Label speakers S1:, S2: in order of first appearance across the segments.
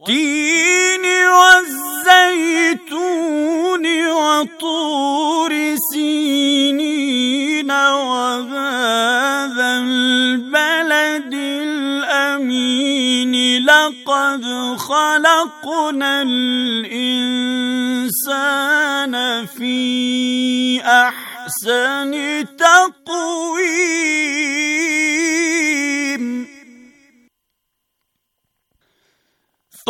S1: والتين والزيتون وطور سينين وهذا البلد الأمين لقد خلقنا الإنسان في أحسن تقويم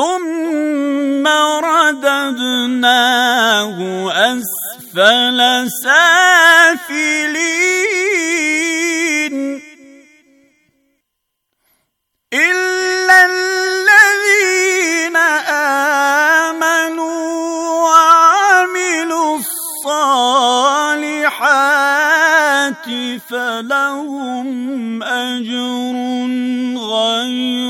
S1: ثم رددناه اسفل سافلين الا الذين امنوا وعملوا الصالحات فلهم اجر غير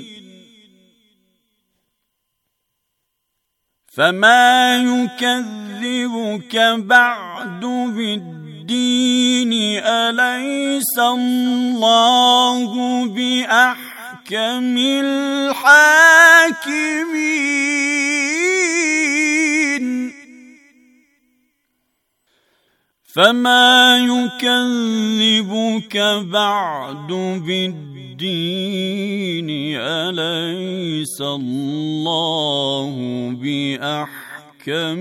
S1: فما يكذبك بعد بالدين اليس الله باحكم الحاكمين فما يكذبك بعد بالدين الدين أليس الله بأحكم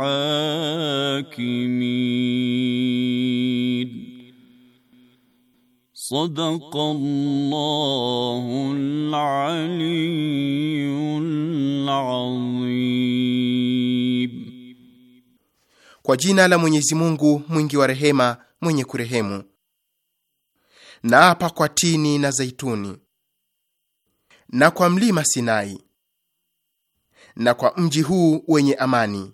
S1: الحاكمين صدق الله
S2: العلي العظيم Kwa jina la Mwenyezi Mungu mwingi wa rehema mwenye kurehemu na apa kwa tini na zaituni na kwa mlima Sinai na kwa mji huu wenye amani.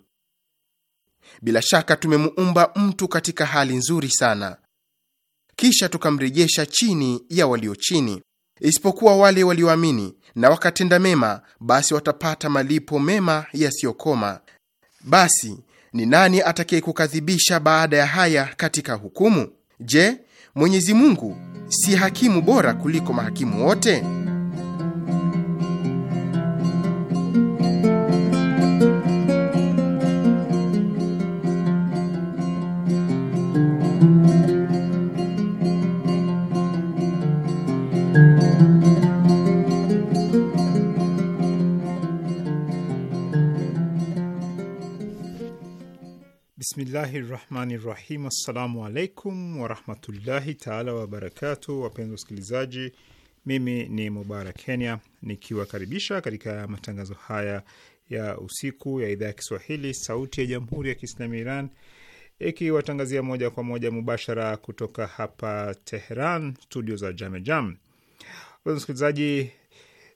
S2: Bila shaka tumemuumba mtu katika hali nzuri sana, kisha tukamrejesha chini ya walio chini, isipokuwa wale walioamini na wakatenda mema, basi watapata malipo mema yasiyokoma. Basi ni nani atakayekukadhibisha baada ya haya katika hukumu? Je, Mwenyezi Mungu si hakimu bora kuliko mahakimu wote? Bismillahi rahmani rahim. Assalamu alaikum warahmatullahi taala wabarakatu. Wapenzi wasikilizaji, mimi ni Mubarak Kenya nikiwakaribisha katika matangazo haya ya usiku ya idhaa ya Kiswahili Sauti ya Jamhuri ya Kiislami Iran ikiwatangazia moja kwa moja mubashara kutoka hapa Teheran, studio za Jamejam. Wapenzi wasikilizaji,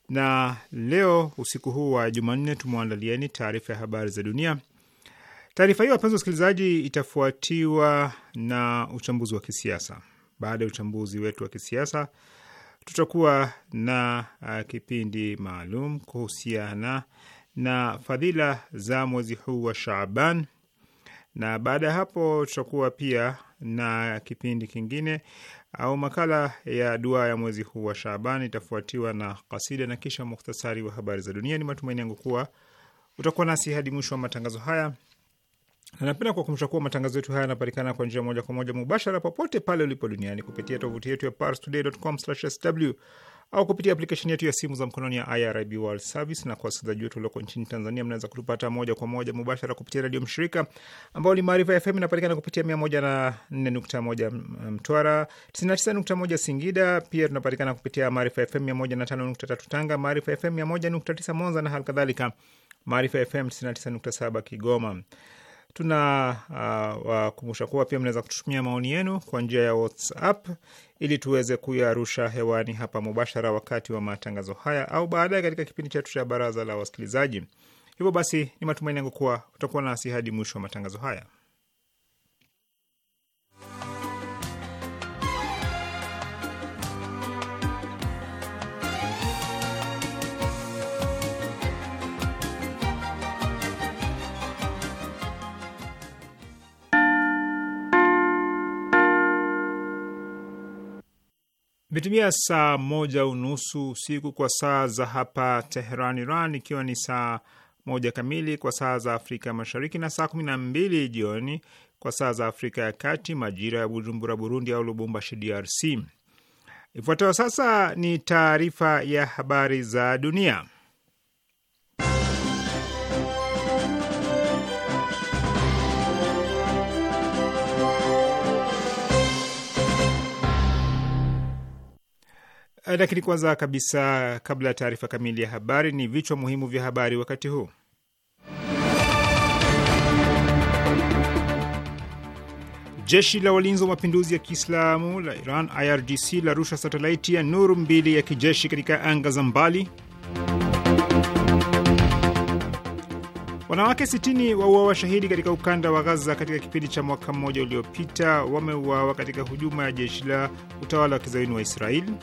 S2: na leo usiku huu wa Jumanne tumewaandalieni taarifa ya habari za dunia Taarifa hiyo, wapenzi wasikilizaji, itafuatiwa na uchambuzi wa kisiasa. Baada ya uchambuzi wetu wa kisiasa, tutakuwa na uh, kipindi maalum kuhusiana na fadhila za mwezi huu wa Shaaban, na baada ya hapo tutakuwa pia na kipindi kingine au makala ya dua ya mwezi huu wa Shaaban, itafuatiwa na kasida na kisha muhtasari wa habari za dunia. Ni matumaini yangu kuwa utakuwa nasi hadi mwisho wa matangazo haya na napenda kuwakumbusha kuwa matangazo yetu haya yanapatikana kwa njia moja kwa moja mubashara popote pale ulipo duniani kupitia tovuti yetu ya parstoday.com/sw au kupitia aplikesheni yetu ya simu za mkononi ya IRIB World Service. Na kwa wasikilizaji wetu ulioko nchini Tanzania, mnaweza kutupata moja kwa moja mubashara kupitia redio mshirika ambao ni Maarifa FM, inapatikana kupitia 104.1 Mtwara, 99.1 Singida. Pia tunapatikana kupitia Maarifa FM 105.3 Tanga, Maarifa FM 101.9 Monza na halikadhalika Maarifa FM 99.7 Kigoma. Tunawakumbusha uh, kuwa pia mnaweza kututumia maoni yenu kwa njia ya WhatsApp ili tuweze kuyarusha hewani hapa mubashara wakati wa matangazo haya au baadaye katika kipindi chetu cha baraza la wasikilizaji. Hivyo basi, ni matumaini yangu kuwa utakuwa nasi hadi mwisho wa matangazo haya. Imetumia saa moja unusu usiku kwa saa za hapa Teheran, Iran, ikiwa ni saa moja kamili kwa saa za Afrika Mashariki na saa kumi na mbili jioni kwa saa za Afrika ya Kati, majira ya Bujumbura, Burundi, au Lubumbashi, DRC. Ifuatayo sasa ni taarifa ya habari za dunia. Lakini kwanza kabisa, kabla ya taarifa kamili ya habari, ni vichwa muhimu vya habari wakati huu. Jeshi la walinzi wa mapinduzi ya Kiislamu la Iran IRGC la rusha satelaiti ya Nuru mbili ya kijeshi katika anga za mbali. Wanawake 60 wauawa shahidi katika ukanda wa Gaza katika kipindi cha mwaka mmoja uliopita, wameuawa katika hujuma ya jeshi la utawala wa kizayuni wa Israeli.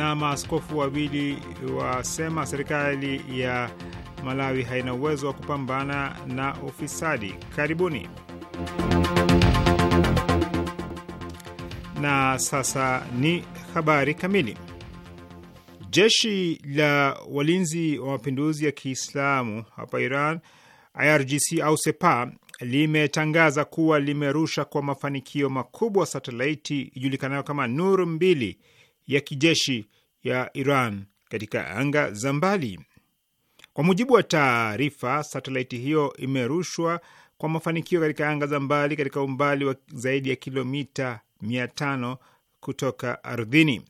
S2: na maaskofu wawili wasema serikali ya Malawi haina uwezo wa kupambana na ufisadi. Karibuni. Na sasa ni habari kamili. Jeshi la walinzi wa mapinduzi ya Kiislamu hapa Iran, IRGC au Sepa, limetangaza kuwa limerusha kwa mafanikio makubwa satelaiti ijulikanayo kama Nur mbili ya kijeshi ya Iran katika anga za mbali. Kwa mujibu wa taarifa, satelaiti hiyo imerushwa kwa mafanikio katika anga za mbali katika umbali wa zaidi ya kilomita 500 kutoka ardhini.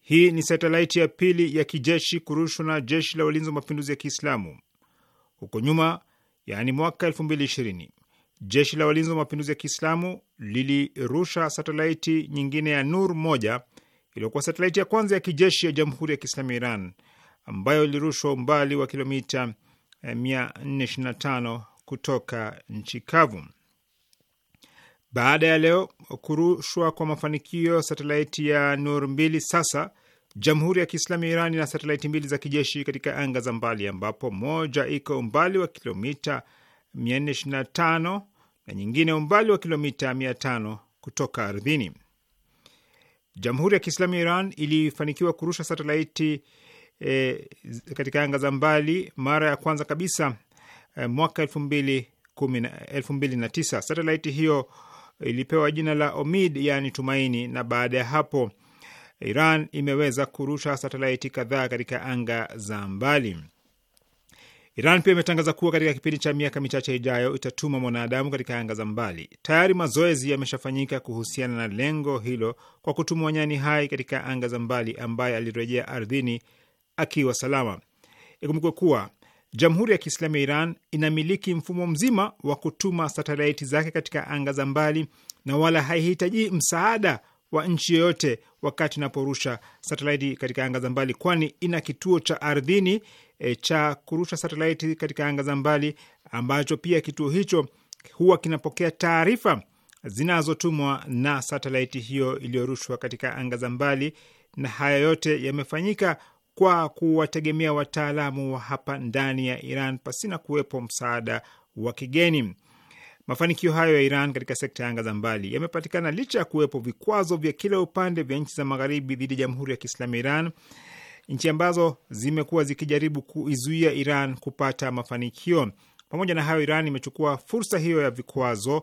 S2: Hii ni satelaiti ya pili ya kijeshi kurushwa na jeshi la ulinzi wa mapinduzi ya Kiislamu. Huko nyuma, yaani mwaka 2020 jeshi la walinzi wa mapinduzi ya Kiislamu lilirusha satelaiti nyingine ya Nur moja iliyokuwa satelaiti ya kwanza ya kijeshi ya Jamhuri ya Kiislamu ya Iran ambayo ilirushwa umbali wa kilomita 425 eh, kutoka nchi kavu. Baada ya leo kurushwa kwa mafanikio satelaiti ya Nur mbili, sasa Jamhuri ya Kiislamu ya Iran ina satelaiti mbili za kijeshi katika anga za mbali, ambapo moja iko umbali wa kilomita 425 na nyingine umbali wa kilomita 500 kutoka ardhini. Jamhuri ya Kiislamu ya Iran ilifanikiwa kurusha satelaiti e, katika anga za mbali mara ya kwanza kabisa e, mwaka elfu mbili elfu mbili na tisa. Satelaiti hiyo ilipewa jina la Omid, yaani tumaini, na baada ya hapo Iran imeweza kurusha satelaiti kadhaa katika anga za mbali. Iran pia imetangaza kuwa katika kipindi cha miaka michache ijayo itatuma mwanadamu katika anga za mbali. Tayari mazoezi yameshafanyika kuhusiana na lengo hilo kwa kutuma wanyani hai katika anga za mbali ambaye alirejea ardhini akiwa salama. Ikumbukwe kuwa Jamhuri ya Kiislamu ya Iran inamiliki mfumo mzima wa kutuma satelaiti zake katika anga za mbali na wala haihitaji msaada wa nchi yoyote wakati inaporusha satelaiti katika anga za mbali, kwani ina kituo cha ardhini e, cha kurusha satelaiti katika anga za mbali, ambacho pia kituo hicho huwa kinapokea taarifa zinazotumwa na satelaiti hiyo iliyorushwa katika anga za mbali, na haya yote yamefanyika kwa kuwategemea wataalamu wa hapa ndani ya Iran pasina kuwepo msaada wa kigeni. Mafanikio hayo ya Iran katika sekta ya anga za mbali yamepatikana licha ya kuwepo vikwazo vya kila upande vya nchi za Magharibi dhidi ya Jamhuri ya Kiislamu ya Iran nchi ambazo zimekuwa zikijaribu kuizuia Iran kupata mafanikio. Pamoja na hayo, Iran imechukua fursa hiyo ya vikwazo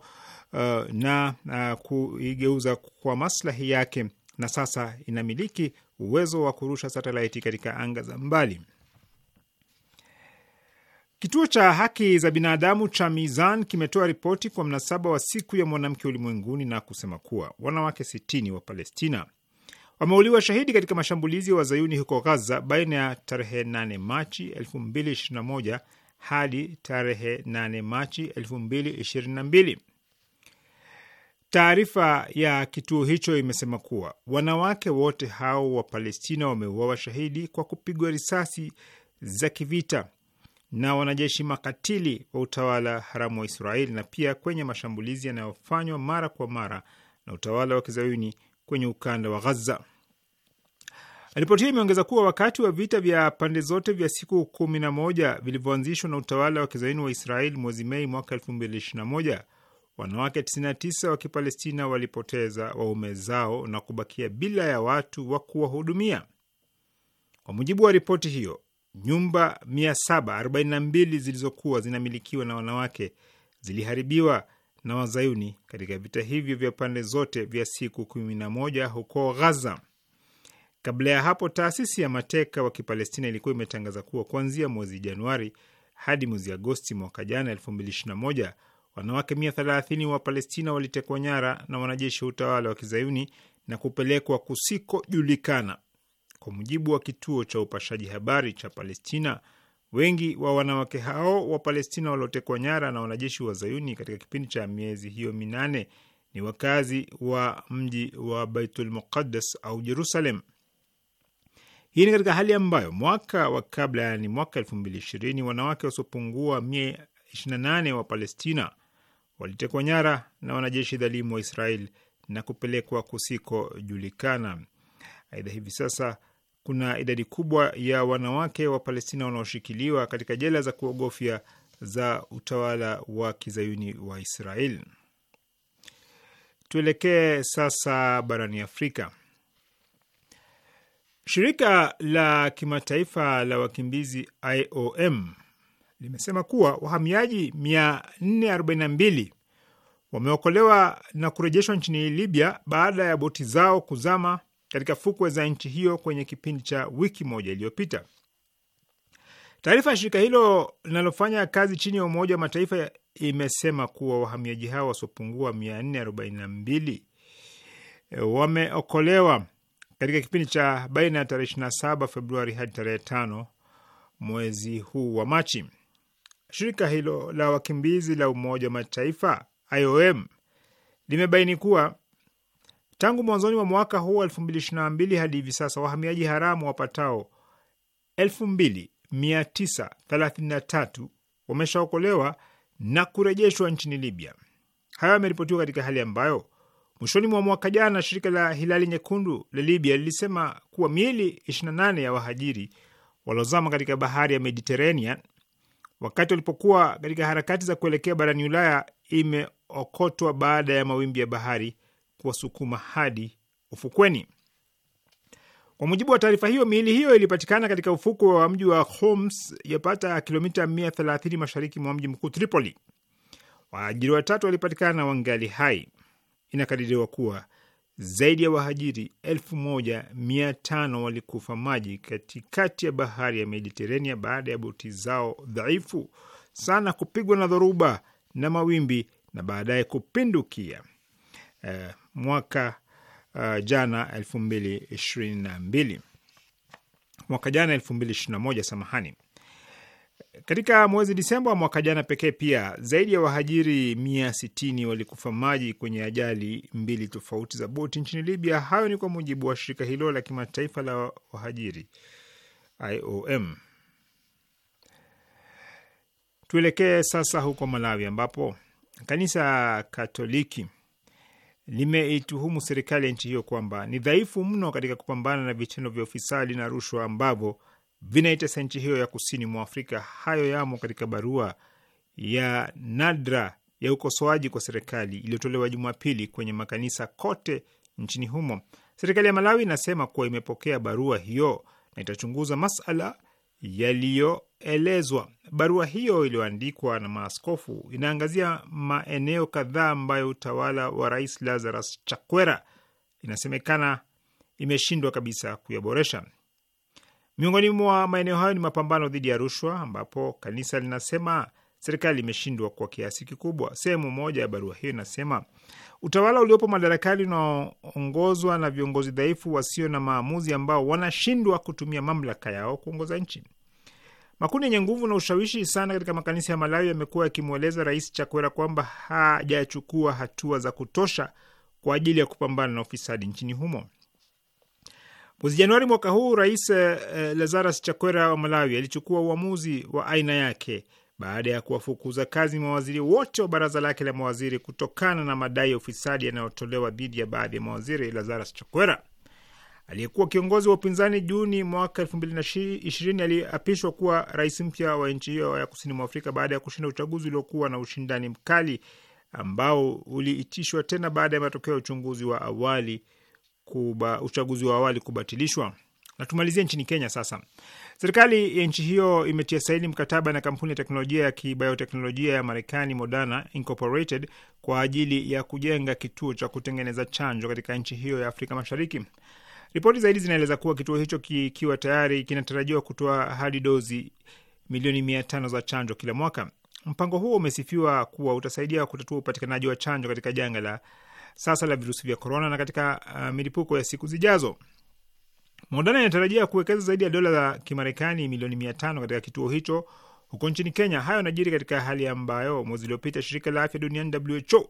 S2: uh, na uh, kuigeuza kwa maslahi yake, na sasa inamiliki uwezo wa kurusha satelaiti katika anga za mbali. Kituo cha haki za binadamu cha Mizan kimetoa ripoti kwa mnasaba wa siku ya mwanamke ulimwenguni na kusema kuwa wanawake sitini wa Palestina wameuliwa shahidi katika mashambulizi ya wa wazayuni huko Ghaza baina ya tarehe 8 Machi 2021 hadi tarehe 8 Machi 2022. Taarifa ya kituo hicho imesema kuwa wanawake wote hao wa Palestina wameuawa shahidi kwa kupigwa risasi za kivita na wanajeshi makatili wa utawala haramu wa Israeli na pia kwenye mashambulizi yanayofanywa mara kwa mara na utawala wa kizayuni kwenye ukanda wa Ghaza. Ripoti hiyo imeongeza kuwa wakati wa vita vya pande zote vya siku kumi na moja vilivyoanzishwa na utawala wa kizaini wa israel mwezi Mei mwaka moja wanawake 99 wa Kipalestina walipoteza waume zao na kubakia bila ya watu wa kuwahudumia. Kwa mujibu wa ripoti hiyo, nyumba 742 zilizokuwa zinamilikiwa na wanawake ziliharibiwa na wazayuni katika vita hivyo vya pande zote vya siku kumi na moja huko Ghaza. Kabla ya hapo, taasisi ya mateka wa Kipalestina ilikuwa imetangaza kuwa kuanzia mwezi Januari hadi mwezi Agosti mwaka jana 2021 wanawake 130 wa Palestina walitekwa nyara na wanajeshi wa utawala wa kizayuni na kupelekwa kusikojulikana. Kwa mujibu wa kituo cha upashaji habari cha Palestina, Wengi wa wanawake hao wa Palestina waliotekwa nyara na wanajeshi wa Zayuni katika kipindi cha miezi hiyo minane ni wakazi wa mji wa Baitul Muqaddas au Jerusalem. Hii ni katika hali ambayo mwaka wa kabla, yaani mwaka elfu mbili ishirini, wanawake wasiopungua mia ishirini na nane wa Palestina walitekwa nyara na wanajeshi dhalimu wa Israel na kupelekwa kusikojulikana. Aidha, hivi sasa kuna idadi kubwa ya wanawake wa Palestina wanaoshikiliwa katika jela za kuogofya za utawala wa kizayuni wa Israel. Tuelekee sasa barani Afrika. Shirika la kimataifa la wakimbizi IOM limesema kuwa wahamiaji 442 wameokolewa na kurejeshwa nchini Libya baada ya boti zao kuzama katika fukwe za nchi hiyo kwenye kipindi cha wiki moja iliyopita. Taarifa ya shirika hilo linalofanya kazi chini ya Umoja wa Mataifa imesema kuwa wahamiaji hao wasiopungua 442 e, wameokolewa katika kipindi cha baina ya tarehe 27 Februari hadi tarehe 5 mwezi huu wa Machi. Shirika hilo la wakimbizi la Umoja wa Mataifa IOM limebaini kuwa Tangu mwanzoni mwa mwaka huu 2022 hadi hivi sasa wahamiaji haramu wapatao 2933 wameshaokolewa na kurejeshwa nchini Libya. Hayo yameripotiwa katika hali ambayo mwishoni mwa mwaka jana shirika la Hilali Nyekundu la Libya lilisema kuwa miili 28 ya wahajiri waliozama katika bahari ya Mediterranean wakati walipokuwa katika harakati za kuelekea barani Ulaya imeokotwa baada ya mawimbi ya bahari kuwasukuma hadi ufukweni. Kwa mujibu wa taarifa hiyo, miili hiyo ilipatikana katika ufukwe wa mji wa Homs, yapata kilomita 130 mashariki mwa mji mkuu Tripoli. Waajiri watatu walipatikana wangali hai. Inakadiriwa kuwa zaidi ya wahajiri 1500 walikufa maji katikati ya bahari ya Mediterania baada ya boti zao dhaifu sana kupigwa na dhoruba na mawimbi na baadaye kupindukia. Eh, mwaka uh, jana elfu mbili ishirini na mbili mwaka jana elfu mbili ishirini na moja samahani. Katika mwezi Disemba wa mwaka jana pekee pia zaidi ya wahajiri mia sitini walikufa maji kwenye ajali mbili tofauti za boti nchini Libya. Hayo ni kwa mujibu wa shirika hilo la kimataifa la wahajiri IOM. Tuelekee sasa huko Malawi ambapo kanisa Katoliki limeituhumu serikali ya nchi hiyo kwamba ni dhaifu mno katika kupambana na vitendo vya ufisadi na rushwa ambavyo vinaitesa nchi hiyo ya kusini mwa Afrika. Hayo yamo katika barua ya nadra ya ukosoaji kwa serikali iliyotolewa Jumapili kwenye makanisa kote nchini humo. Serikali ya Malawi inasema kuwa imepokea barua hiyo na itachunguza masala yaliyo elezwa Barua hiyo iliyoandikwa na maaskofu inaangazia maeneo kadhaa ambayo utawala wa Rais Lazarus Chakwera inasemekana imeshindwa kabisa kuyaboresha. Miongoni mwa maeneo hayo ni mapambano dhidi ya rushwa, ambapo kanisa linasema serikali imeshindwa kwa kiasi kikubwa. Sehemu moja ya barua hiyo inasema utawala uliopo madarakani unaoongozwa na viongozi dhaifu wasio na maamuzi ambao wanashindwa kutumia mamlaka yao kuongoza nchi. Makundi yenye nguvu na ushawishi sana katika makanisa ya Malawi yamekuwa yakimweleza Rais Chakwera kwamba hajachukua hatua za kutosha kwa ajili ya kupambana na ufisadi nchini humo. Mwezi Januari mwaka huu, Rais eh, Lazarus Chakwera wa Malawi alichukua uamuzi wa aina yake baada ya kuwafukuza kazi mawaziri wote wa baraza lake la mawaziri kutokana na madai ya ufisadi yanayotolewa dhidi ya baadhi ya mawaziri. Lazarus Chakwera aliyekuwa kiongozi wa upinzani Juni mwaka elfu mbili na ishirini aliapishwa kuwa rais mpya wa nchi hiyo ya kusini mwa Afrika baada ya kushinda uchaguzi uliokuwa na ushindani mkali ambao uliitishwa tena baada ya matokeo ya uchunguzi wa awali kuba, uchaguzi wa awali kubatilishwa. Natumalizia nchini Kenya sasa. Serikali ya nchi hiyo imetia saini mkataba na kampuni ya teknolojia ya kibayoteknolojia ya Marekani Moderna Incorporated kwa ajili ya kujenga kituo cha kutengeneza chanjo katika nchi hiyo ya Afrika Mashariki. Ripoti zaidi zinaeleza kuwa kituo hicho kikiwa tayari kinatarajiwa kutoa hadi dozi milioni mia tano za chanjo kila mwaka. Mpango huo umesifiwa kuwa utasaidia kutatua upatikanaji wa chanjo katika janga la sasa la virusi vya korona na katika uh, milipuko ya siku zijazo. Moderna inatarajia kuwekeza zaidi ya dola za Kimarekani milioni mia tano katika kituo hicho huko nchini Kenya, hayo yanajiri katika hali ambayo mwezi uliopita shirika la afya duniani WHO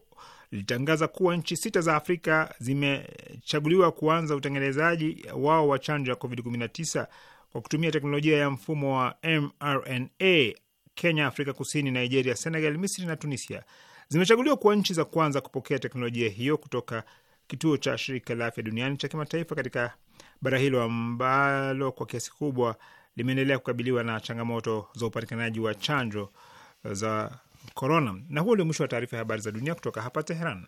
S2: lilitangaza kuwa nchi sita za Afrika zimechaguliwa kuanza utengenezaji wao wa chanjo ya COVID-19 kwa kutumia teknolojia ya mfumo wa mRNA. Kenya, Afrika Kusini, Nigeria, Senegal, Misri na Tunisia zimechaguliwa kuwa nchi za kwanza kupokea teknolojia hiyo kutoka kituo cha shirika la afya duniani cha kimataifa katika bara hilo ambalo kwa kiasi kubwa limeendelea kukabiliwa na changamoto za upatikanaji wa chanjo za korona. Na huo ndio mwisho wa taarifa ya habari za dunia kutoka hapa Teheran.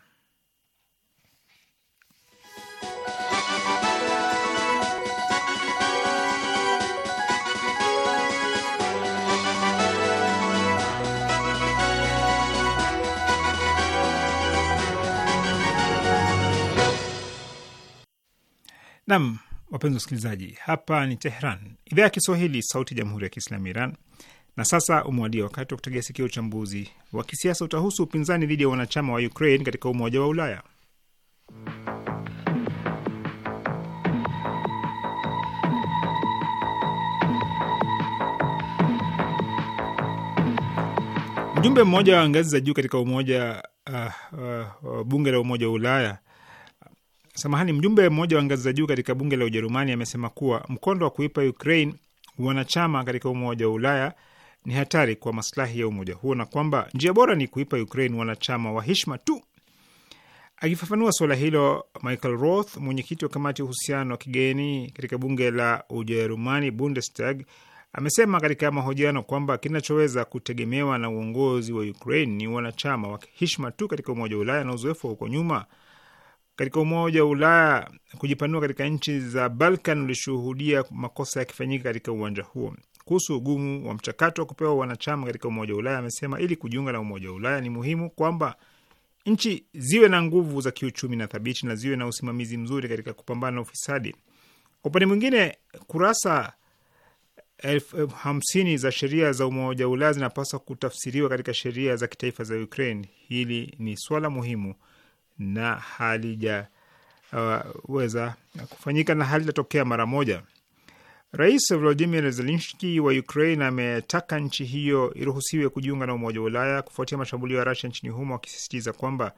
S2: Nam wapenzi wasikilizaji, hapa ni Tehran, idhaa ya Kiswahili, sauti ya jamhuri ya kiislamu Iran. Na sasa umewadia wakati wa kutegea sikio. Uchambuzi wa kisiasa utahusu upinzani dhidi ya wanachama wa Ukraine katika Umoja wa Ulaya. Mjumbe mmoja wa ngazi za juu katika umoja uh, uh, uh bunge la Umoja wa Ulaya samahani, mjumbe mmoja wa ngazi za juu katika bunge la Ujerumani amesema kuwa mkondo wa kuipa Ukraine wanachama katika Umoja wa Ulaya ni hatari kwa maslahi ya umoja huo na kwamba njia bora ni kuipa Ukraine wanachama wa heshima tu. Akifafanua suala hilo, Michael Roth, mwenyekiti wa kamati ya uhusiano wa kigeni katika bunge la Ujerumani, Bundestag, amesema katika mahojiano kwamba kinachoweza kutegemewa na uongozi wa Ukraine ni wanachama wa heshima tu katika Umoja wa Ulaya na uzoefu wa huko nyuma katika Umoja wa Ulaya kujipanua katika nchi za Balkan ulishuhudia makosa yakifanyika katika uwanja huo. Kuhusu ugumu wa mchakato wa kupewa wanachama katika Umoja wa Ulaya, amesema ili kujiunga na Umoja wa Ulaya ni muhimu kwamba nchi ziwe na nguvu za kiuchumi na thabiti na ziwe na usimamizi mzuri katika kupambana na ufisadi. Kwa upande mwingine, kurasa elfu eh, hamsini za sheria za Umoja wa Ulaya zinapaswa kutafsiriwa katika sheria za kitaifa za Ukraine. Hili ni swala muhimu na halijaweza uh, kufanyika na halitatokea mara moja. Rais Volodimir Zelenski wa Ukraine ametaka nchi hiyo iruhusiwe kujiunga na Umoja wa Ulaya kufuatia mashambulio ya rasia nchini humo, akisisitiza kwamba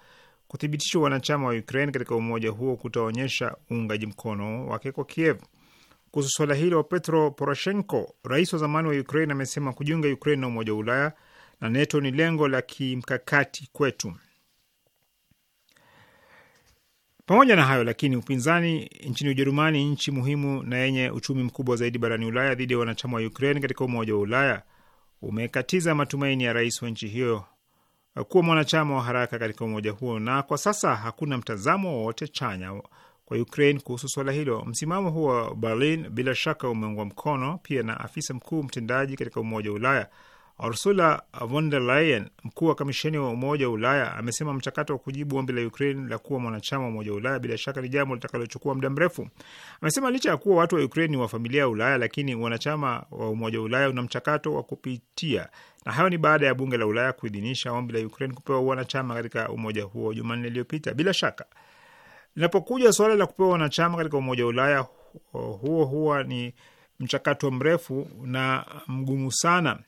S2: kuthibitishwa wanachama wa Ukraine katika umoja huo kutaonyesha uungaji mkono wake kwa Kiev. Kuhusu suala hilo, Petro Poroshenko, rais wa zamani wa Ukraine, amesema kujiunga Ukraine na Umoja wa Ulaya na NATO ni lengo la kimkakati kwetu. Pamoja na hayo lakini, upinzani nchini Ujerumani, nchi muhimu na yenye uchumi mkubwa zaidi barani Ulaya, dhidi ya wanachama wa Ukraine katika Umoja wa Ulaya umekatiza matumaini ya rais wa nchi hiyo kuwa mwanachama wa haraka katika umoja huo, na kwa sasa hakuna mtazamo wowote chanya kwa Ukraine kuhusu swala hilo. Msimamo huo wa Berlin bila shaka umeungwa mkono pia na afisa mkuu mtendaji katika Umoja wa Ulaya Ursula von der Leyen, mkuu wa kamisheni wa Umoja wa Ulaya, amesema mchakato wa kujibu ombi la Ukraine la kuwa mwanachama wa Umoja wa Ulaya bila shaka ni jambo litakalochukua muda mrefu. Amesema licha ya kuwa watu wa Ukraine ni wa familia ya Ulaya, lakini wanachama wa Umoja wa Ulaya una mchakato wa kupitia, na hayo ni baada ya bunge la Ulaya kuidhinisha ombi la Ukraine kupewa wanachama katika umoja huo Jumanne iliyopita. Bila shaka linapokuja suala la kupewa wanachama katika Umoja wa Ulaya, huo huwa ni mchakato mrefu na mgumu sana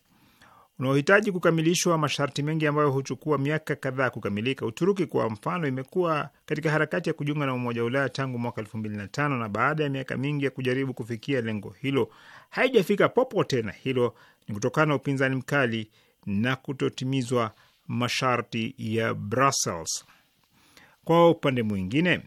S2: unaohitaji kukamilishwa masharti mengi ambayo huchukua miaka kadhaa kukamilika. Uturuki kwa mfano, imekuwa katika harakati ya kujiunga na Umoja wa Ulaya tangu mwaka elfu mbili na tano na baada ya miaka mingi ya kujaribu kufikia lengo hilo haijafika popote, na hilo ni kutokana na upinzani mkali na kutotimizwa masharti ya Brussels. Kwa upande mwingine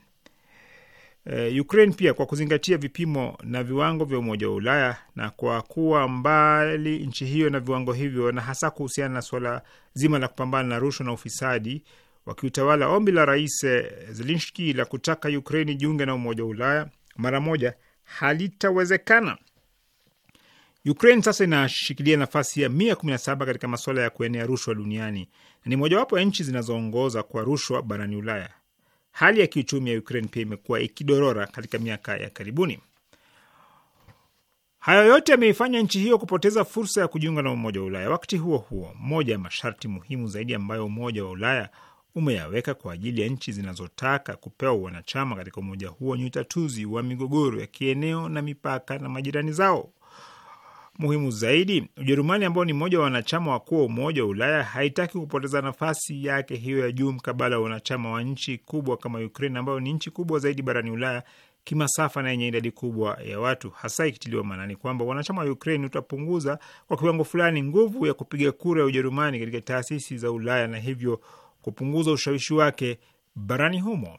S2: eh, Ukraine pia kwa kuzingatia vipimo na viwango vya Umoja wa Ulaya na kwa kuwa mbali nchi hiyo na viwango hivyo, na hasa kuhusiana na suala zima la kupambana na rushwa na ufisadi wa kiutawala, ombi la Rais eh, Zelenski la kutaka Ukraine jiunge na Umoja wa Ulaya mara moja halitawezekana. Ukraine sasa inashikilia nafasi ya 117 katika masuala ya kuenea rushwa duniani na ni mojawapo ya nchi zinazoongoza kwa rushwa barani Ulaya hali ya kiuchumi ya Ukraine pia imekuwa ikidorora katika miaka ya karibuni. Hayo yote yameifanya nchi hiyo kupoteza fursa ya kujiunga na Umoja wa Ulaya. Wakati huo huo, moja ya masharti muhimu zaidi ambayo Umoja wa Ulaya umeyaweka kwa ajili ya nchi zinazotaka kupewa wanachama katika umoja huo ni utatuzi wa migogoro ya kieneo na mipaka na majirani zao muhimu zaidi, Ujerumani ambao ni mmoja wa wanachama wakuu wa Umoja wa Ulaya haitaki kupoteza nafasi yake hiyo ya juu mkabala wa wanachama wa nchi kubwa kama Ukraine ambayo ni nchi kubwa zaidi barani Ulaya kimasafa na yenye idadi kubwa ya watu, hasa ikitiliwa maanani kwamba wanachama wa Ukraine utapunguza kwa kiwango fulani nguvu ya kupiga kura ya Ujerumani katika taasisi za Ulaya na hivyo kupunguza ushawishi wake barani humo.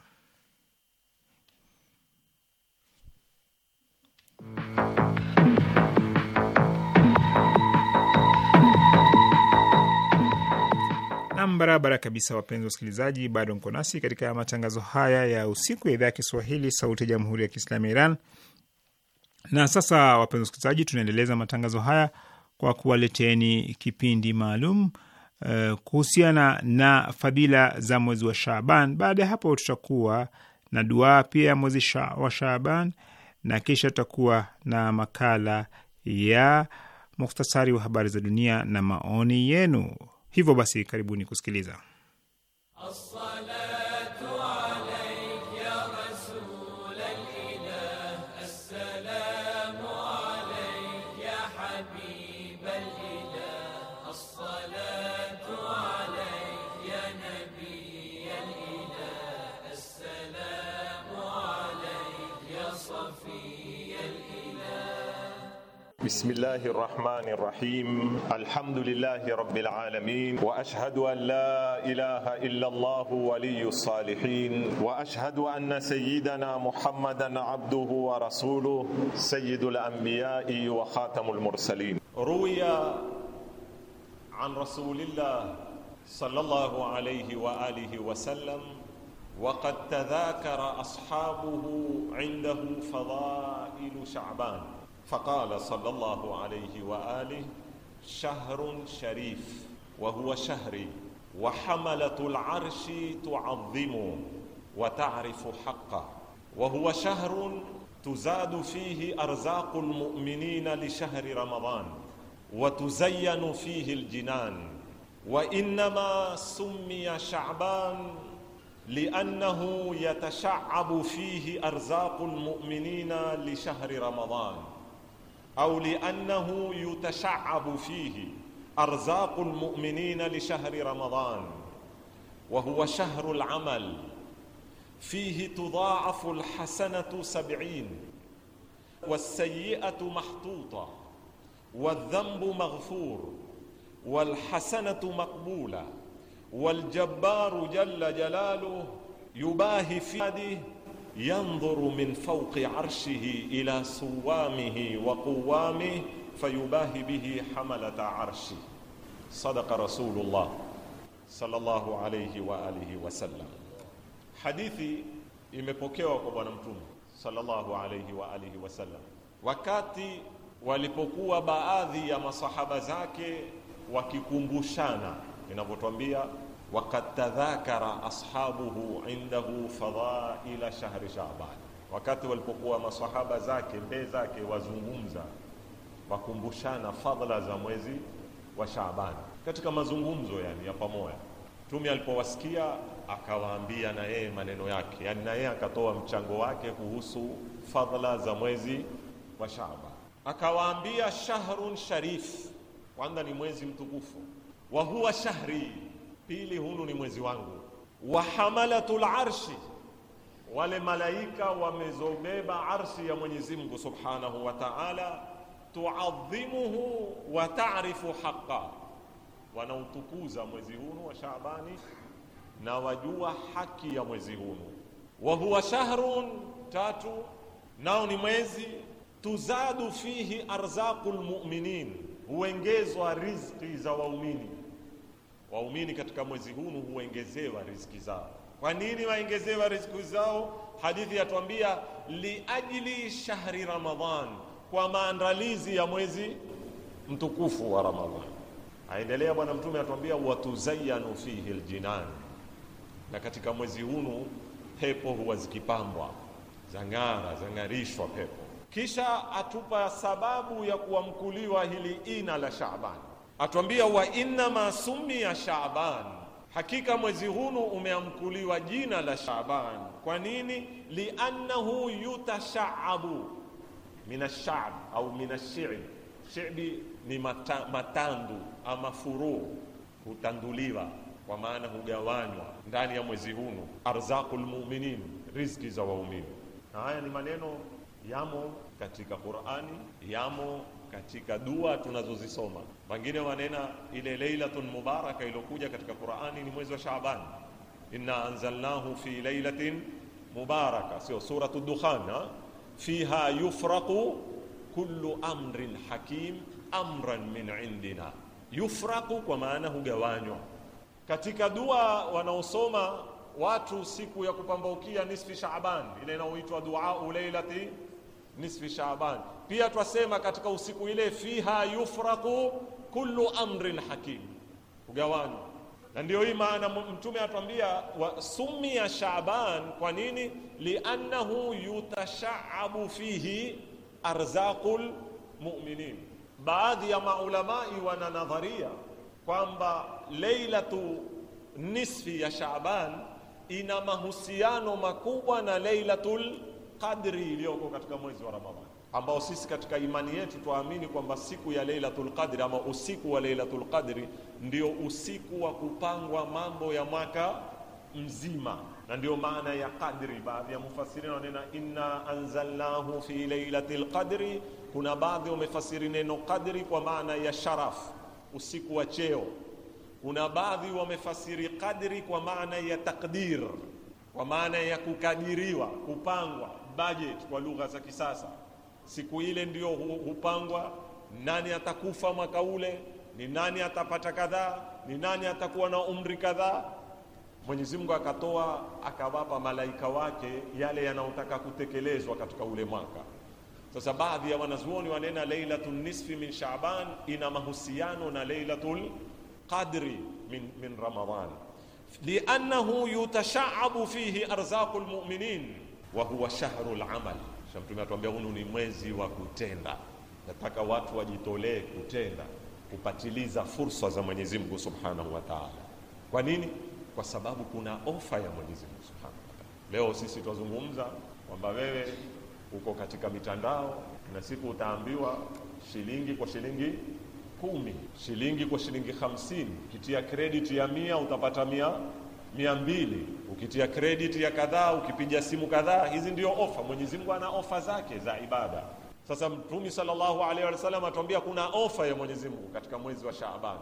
S2: Nam, barabara kabisa, wapenzi wa wasikilizaji, bado mko nasi katika matangazo haya ya usiku ya idhaa ya Kiswahili sauti ya jamhuri ya kiislamu ya Iran. Na sasa, wapenzi wa wasikilizaji, tunaendeleza matangazo haya kwa kuwaleteni kipindi maalum uh, kuhusiana na fadhila za mwezi wa Shaaban. Baada ya hapo, tutakuwa na duaa pia ya mwezi sha, wa Shaaban, na kisha tutakuwa na makala ya muhtasari wa habari za dunia na maoni yenu. Hivyo basi, karibuni kusikiliza
S1: Asala.
S3: بسم الله الرحمن الرحيم الحمد لله رب العالمين واشهد ان لا اله الا الله ولي الصالحين واشهد ان سيدنا محمدا عبده ورسوله سيد الانبياء وخاتم المرسلين روي عن رسول الله صلى الله عليه واله وسلم وقد تذاكر اصحابه عنده فضائل شعبان فقال صلى الله عليه واله شهر شريف وهو شهري وحمله العرش تعظمه وتعرف حقه وهو شهر تزاد فيه ارزاق المؤمنين لشهر رمضان وتزين فيه الجنان وانما سمي شعبان لانه يتشعب فيه ارزاق المؤمنين لشهر رمضان أو لأنه يتشعب فيه أرزاق المؤمنين لشهر رمضان وهو شهر العمل فيه تضاعف الحسنة سبعين والسيئة محطوطة والذنب مغفور والحسنة مقبولة والجبار جل جلاله يباهي في هذه yandhuru min fawqi arshihi ila suwamihi wa quwamihi fayubahi bihi hamalata arshi. Sadaqa Rasulullah sallallahu alayhi wa alihi wasallam. Hadithi imepokewa kwa Bwana Mtume sallallahu alayhi wa alihi wasallam, wakati walipokuwa baadhi ya masahaba zake wakikumbushana, inavyotwambia Wakad tadhakara ashabuhu indahu fadhaila shahri Shaaban, wakati walipokuwa masahaba zake mbee zake wazungumza wakumbushana fadhila za mwezi wa Shaaban katika mazungumzo yani ya pamoja. Mtume alipowasikia akawaambia na yeye maneno yake, yani na yeye akatoa mchango wake kuhusu fadhila za mwezi wa Shaaban, akawaambia shahrun sharif, kwanza ni mwezi mtukufu, wa huwa shahri Pili, hunu ni mwezi wangu. Wa hamalatul arshi, wale malaika wamezobeba arshi ya Mwenyezi Mungu Subhanahu wa Ta'ala. Tuadhimuhu wa ta'rifu haqqa, wanautukuza mwezi hunu wa Shaabani na wajua haki ya mwezi hunu. Wa huwa shahrun, tatu nao ni mwezi tuzadu fihi arzaqul mu'minin, huongezwa rizqi za waumini waumini katika mwezi huu huongezewa riziki zao. Kwa nini waongezewa riziki zao? Hadithi yatuambia liajli shahri Ramadhan, kwa maandalizi ya mwezi mtukufu wa Ramadhan. Aendelea Bwana Mtume atuambia watuzayanu fihi ljinan, na katika mwezi huu pepo huwa zikipambwa zang'ara zang'arishwa pepo. Kisha atupa sababu ya kuamkuliwa hili ina la Shaaban Atuambia wa inna ma summiya Shaaban, hakika mwezi hunu umeamkuliwa jina la Shaaban. Kwa nini? Liannahu yutashaabu min ashab au min ashibi. Shibi ni mata, matandu ama furuu, hutanduliwa kwa maana hugawanywa ndani ya mwezi hunu. Arzaqul mu'minin, riziki za waumini. Na haya ni maneno yamo katika Qur'ani, yamo katika dua tunazozisoma. Wengine wanena ile lailatun mubaraka iliyokuja katika Qur'ani ni mwezi wa Shaaban, inna anzalnahu fi lailatin mubaraka, sio suratu Dukhan, fiha yufraqu kullu amrin hakim amran min indina, yufraqu kwa maana hugawanywa. Katika dua wanaosoma watu siku ya kupambaukia nisfi Shaaban, ile inaoitwa duau lailati nisfi Shaaban. Pia twasema katika usiku ile, fiha yufraqu kullu amrin hakim, ugawanywa. Na ndio hii maana Mtume atwambia sumia Shaaban. Kwa nini? liannahu yutashaabu fihi arzaqul mu'minin. Baadhi ya maulamai wana nadharia kwamba lailatu nisfi ya Shaaban ina mahusiano makubwa na lailatul kadri iliyoko katika mwezi wa Ramadhani, ambao sisi katika imani yetu twaamini kwamba siku ya Lailatul Qadri ama usiku wa Lailatul Qadri ndio usiku wa kupangwa mambo ya mwaka mzima, na ndio maana ya qadri. Baadhi ya mufasiri wanena inna anzalnahu fi lailatil qadri, kuna baadhi wamefasiri neno qadri kwa maana ya sharaf, usiku wa cheo. Kuna baadhi wamefasiri qadri kwa maana ya takdir, kwa maana ya kukadiriwa, kupangwa budget kwa lugha za kisasa. Siku ile ndiyo hupangwa nani atakufa mwaka ule, ni nani atapata kadhaa, ni nani atakuwa na umri kadhaa. Mwenyezi Mungu akatoa akawapa malaika wake yale yanayotaka kutekelezwa katika ule mwaka. Sasa baadhi ya wanazuoni wanena lailatul nisfi min Shaaban ina mahusiano na lailatul qadri min, min Ramadhan liannahu yutashaabu fihi arzaqul mu'minin wa huwa shahru al sha Mtume atuambia hunu ni mwezi wa kutenda. Nataka watu wajitolee kutenda, kupatiliza fursa za Mwenyezi Mungu Subhanahu wa Ta'ala. Kwa nini? Kwa sababu kuna ofa ya Mwenyezi Mungu Subhanahu wa Ta'ala. Leo sisi twazungumza kwamba wewe uko katika mitandao na siku utaambiwa shilingi kwa shilingi kumi, shilingi kwa shilingi hamsini, kitia credit ya mia utapata mia mia mbili ukitia credit ya kadhaa, ukipiga simu kadhaa. Hizi ndio ofa. Mwenyezi Mungu ana ofa zake za ibada. Sasa Mtume sallallahu alaihi wasallam atuambia kuna ofa ya Mwenyezi Mungu katika mwezi wa Shaaban.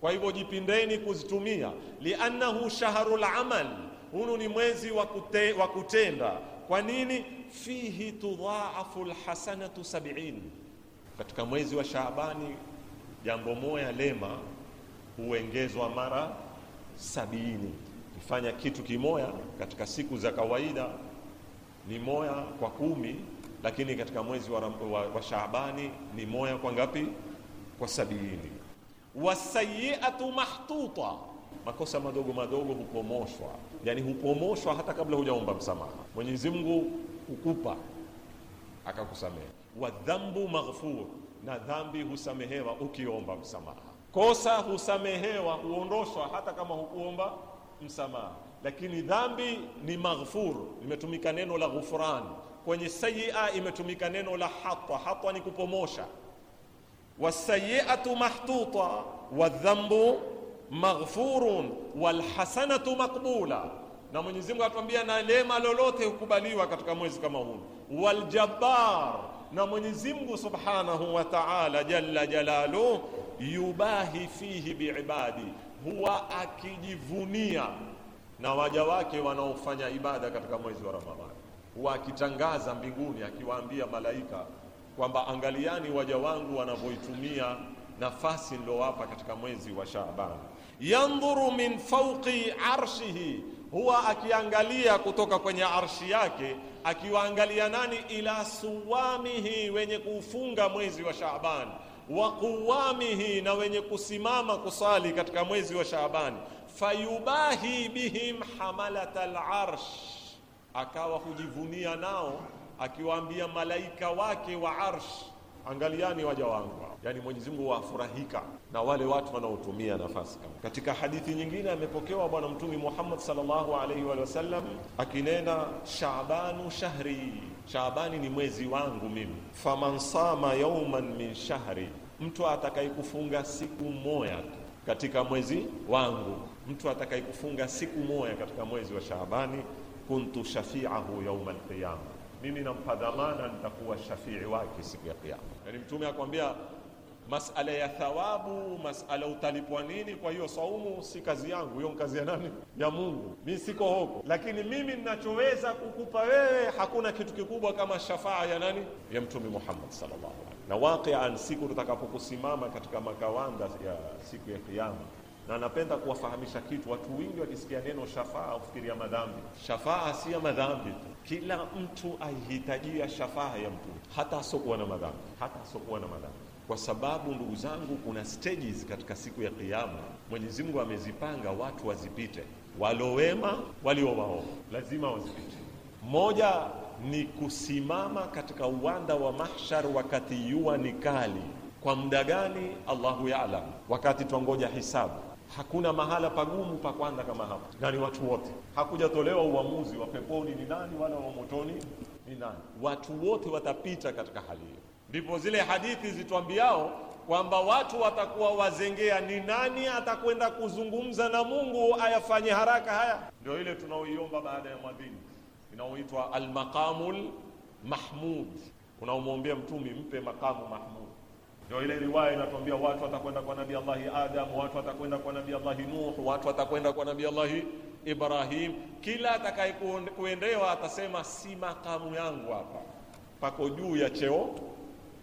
S3: Kwa hivyo jipindeni kuzitumia, liannahu shahrul amal, hunu ni mwezi wa kute, wa kutenda. Kwa nini? fihi tudhaafu lhasanatu 70 katika mwezi wa Shaabani jambo moja lema huongezwa mara sabini fanya kitu kimoya katika siku za kawaida ni moya kwa kumi, lakini katika mwezi wa, wa, wa Shaabani ni moya kwa ngapi? Kwa sabiini. Wasayiatu mahtuta, makosa madogo madogo hupomoshwa, yani hupomoshwa hata kabla hujaomba msamaha. Mwenyezi Mungu hukupa akakusamehe. Wadhambu maghfur, na dhambi husamehewa ukiomba msamaha. Kosa husamehewa, huondoshwa hata kama hukuomba msamaha, lakini dhambi ni maghfur, limetumika neno la ghufran. Kwenye sayia imetumika neno la hatwa. Hatwa ni kupomosha. Wasayiatu mahtuta wadhambu maghfurun walhasanatu maqbula. Na Mwenyezi Mungu atuambia, na neema lolote hukubaliwa katika mwezi kama huu. Waljabbar, na Mwenyezi Mungu subhanahu wa ta'ala jalla jalalu yubahi fihi biibadi huwa akijivunia na waja wake wanaofanya ibada katika mwezi wa Ramadhani, huwa akitangaza mbinguni akiwaambia malaika kwamba angaliani waja wangu wanavyoitumia nafasi niliowapa katika mwezi wa Shaaban. Yandhuru min fawqi arshihi, huwa akiangalia kutoka kwenye arshi yake, akiwaangalia nani? Ila suwamihi, wenye kuufunga mwezi wa Shaaban wa quwamihi, na wenye kusimama kusali katika mwezi wa Shaabani. Fayubahi bihim hamalat al-arsh, akawa hujivunia nao akiwaambia malaika wake wa arsh, angaliani waja wangu. Yani Mwenyezi Mungu wafurahika na wale watu wanaotumia nafasi kama. Katika hadithi nyingine amepokewa Bwana Mtume Muhammad sallallahu alaihi wa sallam akinena, Shaabanu shahri Shaabani ni mwezi wangu mimi. Faman sama yauman min shahri, mtu atakayekufunga siku moja katika mwezi wangu, mtu atakayekufunga siku moja katika mwezi wa Shaabani, kuntu shafiahu yauma alqiyama, mimi nampa dhamana nitakuwa shafii wake siku ya Kiyama. Yani mtume akwambia masala ya thawabu, masala utalipwa nini. Kwa hiyo saumu si kazi yangu, hiyo kazi ya nani? Ya Mungu. Mi siko huko, lakini mimi ninachoweza kukupa wewe, hakuna kitu kikubwa kama shafaa ya nani? Ya Mtume Muhammad sallallahu alaihi wasallam. Na waqian, siku tutakapokusimama katika makawanda ya siku ya Kiyama, na napenda kuwafahamisha kitu. Watu wengi wakisikia neno shafaa ufikiria madhambi. Shafaa si ya madhambi tu, kila mtu aihitajia shafaa ya Mtume, hata asokuwa na madhambi, hata asokuwa na madhambi kwa sababu ndugu zangu, kuna stages katika siku ya Kiyama Mwenyezi Mungu amezipanga watu wazipite, walowema walio waovu lazima wazipite. Moja ni kusimama katika uwanda wa mahshar wakati jua ni kali. Kwa muda gani? Allahu yaalam. Wakati twangoja hisabu, hakuna mahala pagumu pa kwanza kama hapo, na ni yaani watu wote. Hakujatolewa uamuzi wa peponi ni nani wala wa motoni ni nani, watu wote watapita katika hali hiyo. Ndipo zile hadithi zitwambiao kwamba watu watakuwa wazengea, ni nani atakwenda kuzungumza na Mungu ayafanye haraka haya. Ndio ile tunaoiomba baada ya mwadhini inaoitwa almaqamul mahmud, unaomwombea mtumi mpe makamu mahmud. Ndio ile riwaya inatuambia watu watakwenda kwa nabii Allahi Adam, watu watakwenda kwa nabii Allahi Nuh, watu watakwenda kwa nabii Allahi Ibrahim. Kila atakaye kuendewa atasema si makamu yangu hapa, pako juu ya cheo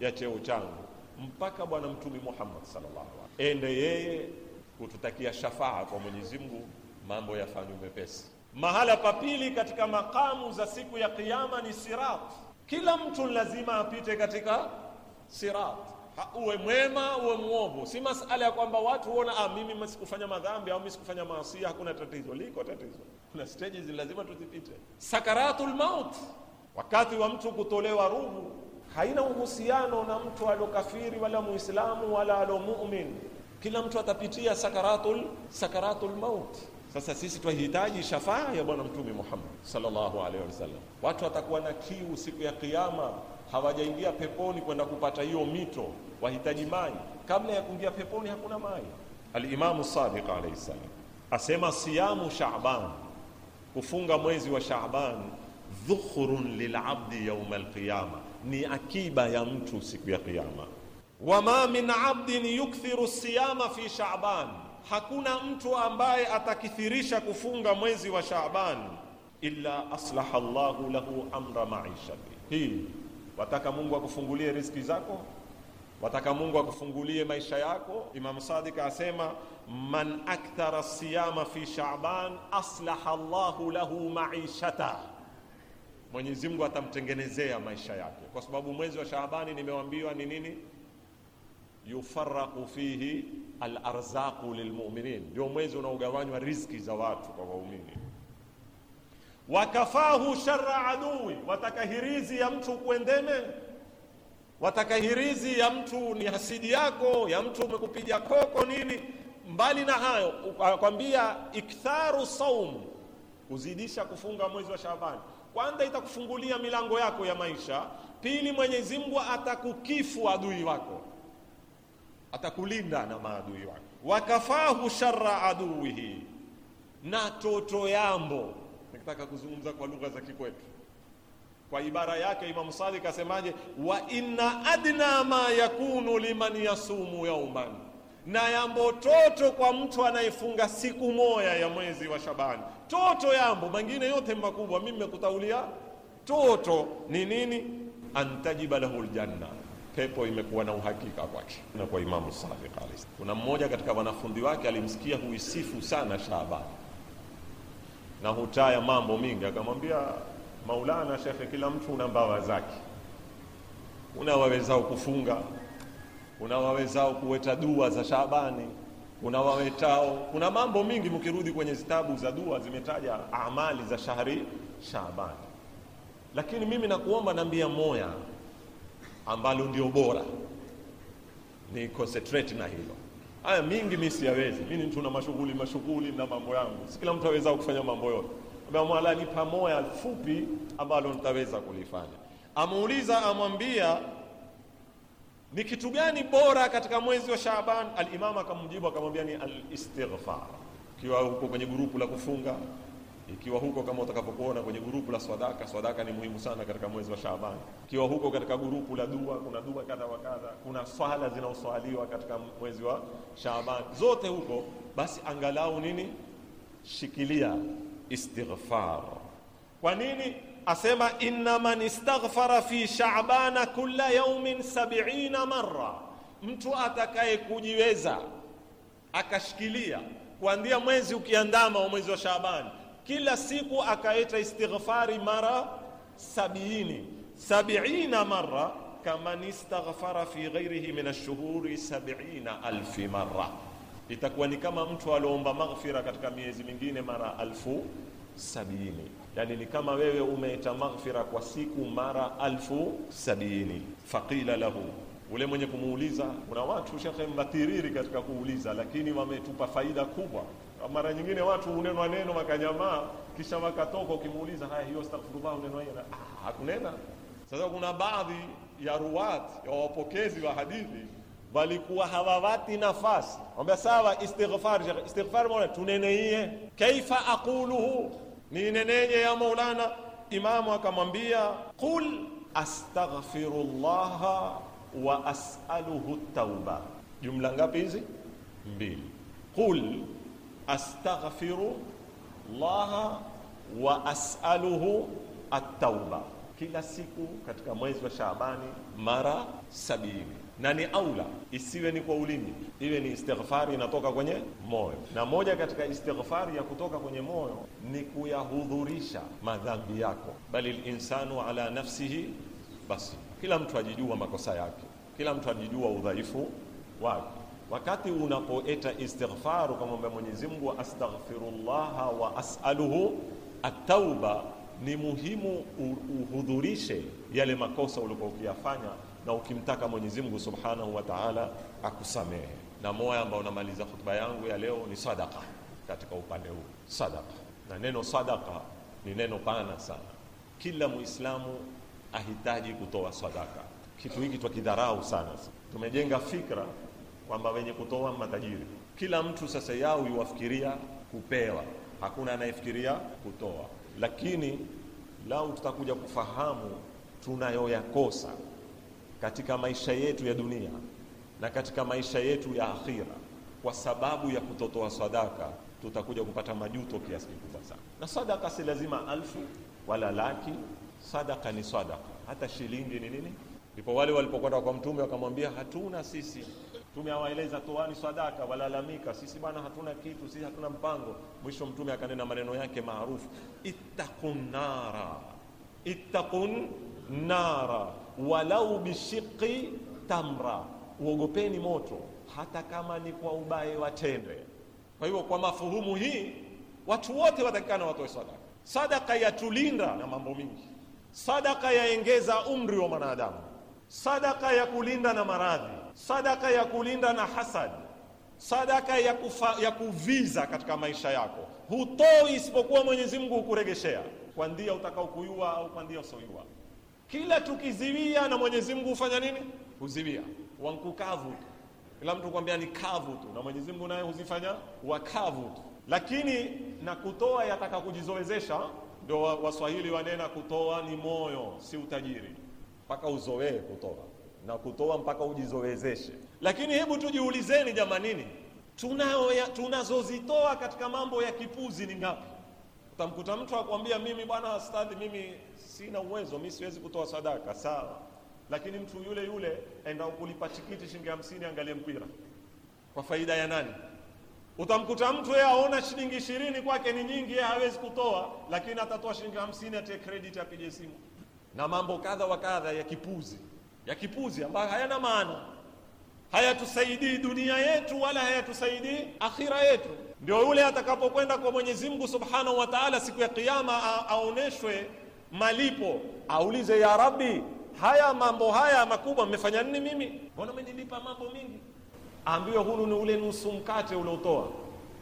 S3: ya cheo changu mpaka Bwana Mtume Muhammad sallallahu alaihi wasallam ende yeye kututakia shafaa kwa Mwenyezi Mungu, mambo yafanywe mepesi. Mahala pa pili katika makamu za siku ya Kiyama ni sirat. Kila mtu lazima apite katika sirat, uwe mwema uwe mwovu. Si masala ya kwamba watu huona ah, mimi sikufanya madhambi au mimi sikufanya maasi, hakuna tatizo. Liko tatizo, kuna stages lazima tuzipite. Sakaratul maut, wakati wa mtu kutolewa ruhu haina uhusiano na mtu alokafiri wala muislamu wala alomumin. Kila mtu atapitia sakaratul sakaratul maut. Sasa sisi twahitaji shafaa ya Bwana Mtume Muhammad sallallahu alaihi wasallam. Watu watakuwa na kiu siku ya Kiyama, hawajaingia peponi kwenda kupata hiyo mito, wahitaji maji. Kabla ya kuingia peponi hakuna maji. Alimamu Sadiq alaihi salam asema siyamu Shaaban, kufunga mwezi wa Shaaban, dhukhrun lilabdi yawm alqiyama ni akiba ya mtu siku ya Kiyama. Wama min abdin yukthiru siyama fi Shaaban, hakuna mtu ambaye atakithirisha kufunga mwezi wa Shaaban illa aslaha Allahu lahu amra maishati. Hii wataka Mungu akufungulie riziki zako, wataka Mungu akufungulie maisha yako. Imamu Sadiq asema man akthara siyama fi Shaaban aslaha Allahu lahu maishata Mwenyezi Mungu atamtengenezea maisha yake, kwa sababu mwezi wa Shaabani nimewambiwa ni nini? yufaraqu fihi alarzaqu lilmuminin, ndio mwezi unaogawanywa riziki za watu kwa waumini. Wakafahu sharra adui, wataka hirizi ya mtu kuendeme, wataka hirizi ya mtu ni hasidi yako, ya mtu umekupiga koko nini. Mbali na hayo, akwambia iktharu saum, kuzidisha kufunga mwezi wa Shaabani kwanza itakufungulia milango yako ya maisha. Pili, Mwenyezi Mungu atakukifu adui wako, atakulinda na maadui wako. Wakafahu sharra aduwihi, na toto yambo. Nikitaka kuzungumza kwa lugha za kikwetu, kwa ibara yake Imam Sadiq asemaje? Wa inna adna ma yakunu liman yasumu yauman, na yambo toto kwa mtu anayefunga siku moja ya mwezi wa Shabani toto yambo mangine yote makubwa. Mimi nimekutaulia toto ni nini? antajiba lahu ljanna, pepo imekuwa na uhakika kwake. Na kwa Imamu Sadiq alayhi, kuna mmoja katika wanafunzi wake alimsikia huisifu sana Shaabani na hutaya mambo mingi, akamwambia Maulana Shekhe, kila mtu una mbawa zake, unawawezao kufunga, unawawezao kuweta dua za Shaabani kuna wawetao, kuna mambo mingi. Mkirudi kwenye zitabu za dua zimetaja amali za shahri Shaaban, lakini mimi nakuomba nambia moya ambalo ndio bora ni concentrate na hilo. Haya mingi mimi siyawezi, mimi ni mtu na mashughuli mashughuli na mambo yangu, si kila mtu aweza kufanya mambo yote. Mwala nipa moya fupi ambalo nitaweza kulifanya. Amuuliza amwambia ni kitu gani bora katika mwezi wa Shaaban? Al-Imam akamjibu akamwambia ni al-istighfar. Ikiwa huko kwenye gurupu la kufunga, ikiwa huko kama utakapokuona kwenye gurupu la swadaka, swadaka ni muhimu sana katika mwezi wa Shaaban. Ikiwa huko katika gurupu la dua, kuna dua kadha wa kadha, kuna swala zinaoswaliwa katika mwezi wa Shaaban, zote huko, basi angalau nini, shikilia istighfar. Kwa nini? asema inna man istaghfara fi sha'bana kulla yawmin sab'ina marra, mtu atakaye kujiweza akashikilia kuanzia mwezi ukiandama wa mwezi wa Shaabani kila siku akaita istighfari mara sabiini sabiina mara kama nistaghfara fi ghairihi min ash-shuhuri sabiina alfi mara, itakuwa ni kama mtu aliomba maghfira katika miezi mingine mara alfu sabiini dalili kama wewe umeita maghfira kwa siku mara alfu sabini. Faqila lahu ule mwenye kumuuliza, kuna watu shekhe mbatiriri katika kuuliza, lakini wametupa faida kubwa. Mara nyingine watu unenwa neno wakanyamaa, kisha wakatoka, ukimuuliza haya, hiyo astaghfirullah unenwa hiyo ah, hakunena. Sasa kuna baadhi ya ruwat ya wapokezi wa hadithi walikuwa hawawati nafasi, ambia sawa, istighfar, istighfar, mbona tuneneye, kaifa aquluhu niineneye ya Maulana? Imamu akamwambia qul astaghfirullaha wa as'aluhu tauba. Jumla ngapi hizi? Mbili. Qul astaghfiru llaha wa as'aluhu at-tauba, kila siku katika mwezi wa Shaabani mara sabini na ni aula isiwe ni kwa ulimi, iwe ni istighfari inatoka kwenye moyo. Na moja katika istighfari ya kutoka kwenye moyo ni kuyahudhurisha madhambi yako, bali linsanu ala nafsihi basi. Kila mtu ajijua makosa yake, kila mtu ajijua udhaifu wake. Wakati unapoeta istighfaru kamwambia Mwenyezi Mungu astaghfirullaha wa asaluhu atauba, ni muhimu uhudhurishe yale makosa uliokuwa ukiyafanya na ukimtaka Mwenyezi Mungu Subhanahu wa Ta'ala akusamehe. Na moya ambao unamaliza hotuba yangu ya leo ni sadaka, katika upande huu sadaka. Na neno sadaka ni neno pana sana, kila Muislamu ahitaji kutoa sadaka. Kitu hiki twakidharau sana, tumejenga fikra kwamba wenye kutoa matajiri. Kila mtu sasa yao yuwafikiria kupewa, hakuna anayefikiria kutoa. Lakini lau tutakuja kufahamu tunayoyakosa katika maisha yetu ya dunia na katika maisha yetu ya akhira, kwa sababu ya kutotoa sadaka tutakuja kupata majuto kiasi kikubwa sana. Na sadaka si lazima alfu wala laki, sadaka ni sadaka, hata shilingi ni nini. Ndipo wale walipokwenda kwa mtume wakamwambia, hatuna sisi. Mtume awaeleza toani sadaka, walalamika, sisi bwana hatuna kitu, sisi hatuna mpango. Mwisho mtume akanena maneno yake maarufu, ittaqun nara, ittaqun nara walau bishiqi tamra, uogopeni moto hata kama ni kwa ubaye watende. Kwa hivyo kwa mafuhumu hii watu wote watakikana watoe sadaka. Sadaka yatulinda na mambo mingi, sadaka yaengeza umri wa mwanadamu, sadaka ya kulinda na maradhi, sadaka ya kulinda na hasad, sadaka ya, kufa, ya kuviza katika maisha yako. Hutoi isipokuwa Mwenyezi Mungu hukuregeshea kwa ndia utakaokuyua au kwa ndia usioyua kila tukiziwia na Mwenyezi Mungu hufanya nini? Huziwia wankukavu tu, kila mtu kwambia ni kavu tu, na Mwenyezi Mungu naye huzifanya wakavu tu. Lakini na kutoa yataka kujizowezesha, ndio Waswahili wanena kutoa ni moyo, si utajiri, mpaka uzowee kutoa na kutoa mpaka ujizowezeshe. Lakini hebu tujiulizeni jamanini, tunazozitoa katika mambo ya kipuzi ni ngapi? Utamkuta mtu akwambia, mimi bwana astadhi, mimi sina uwezo, mimi siwezi kutoa sadaka, sawa. Lakini mtu yule yule aenda kulipa tikiti shilingi hamsini, angalie mpira kwa faida ya nani? Utamkuta mtu yeye aona shilingi ishirini kwake ni nyingi, yeye hawezi kutoa, lakini atatoa shilingi hamsini, atie credit, apige simu na mambo kadha wa kadha ya kipuzi ya kipuzi ambayo hayana maana hayatusaidii dunia yetu wala hayatusaidii akhira yetu. Ndio yule atakapokwenda kwa Mwenyezi Mungu Subhanahu wa Ta'ala siku ya Kiyama aoneshwe malipo, aulize ya Rabbi, haya mambo haya makubwa mmefanya nini mimi? Mbona mmenilipa mambo mingi? Aambiwe hulu ni ule nusu mkate uliotoa,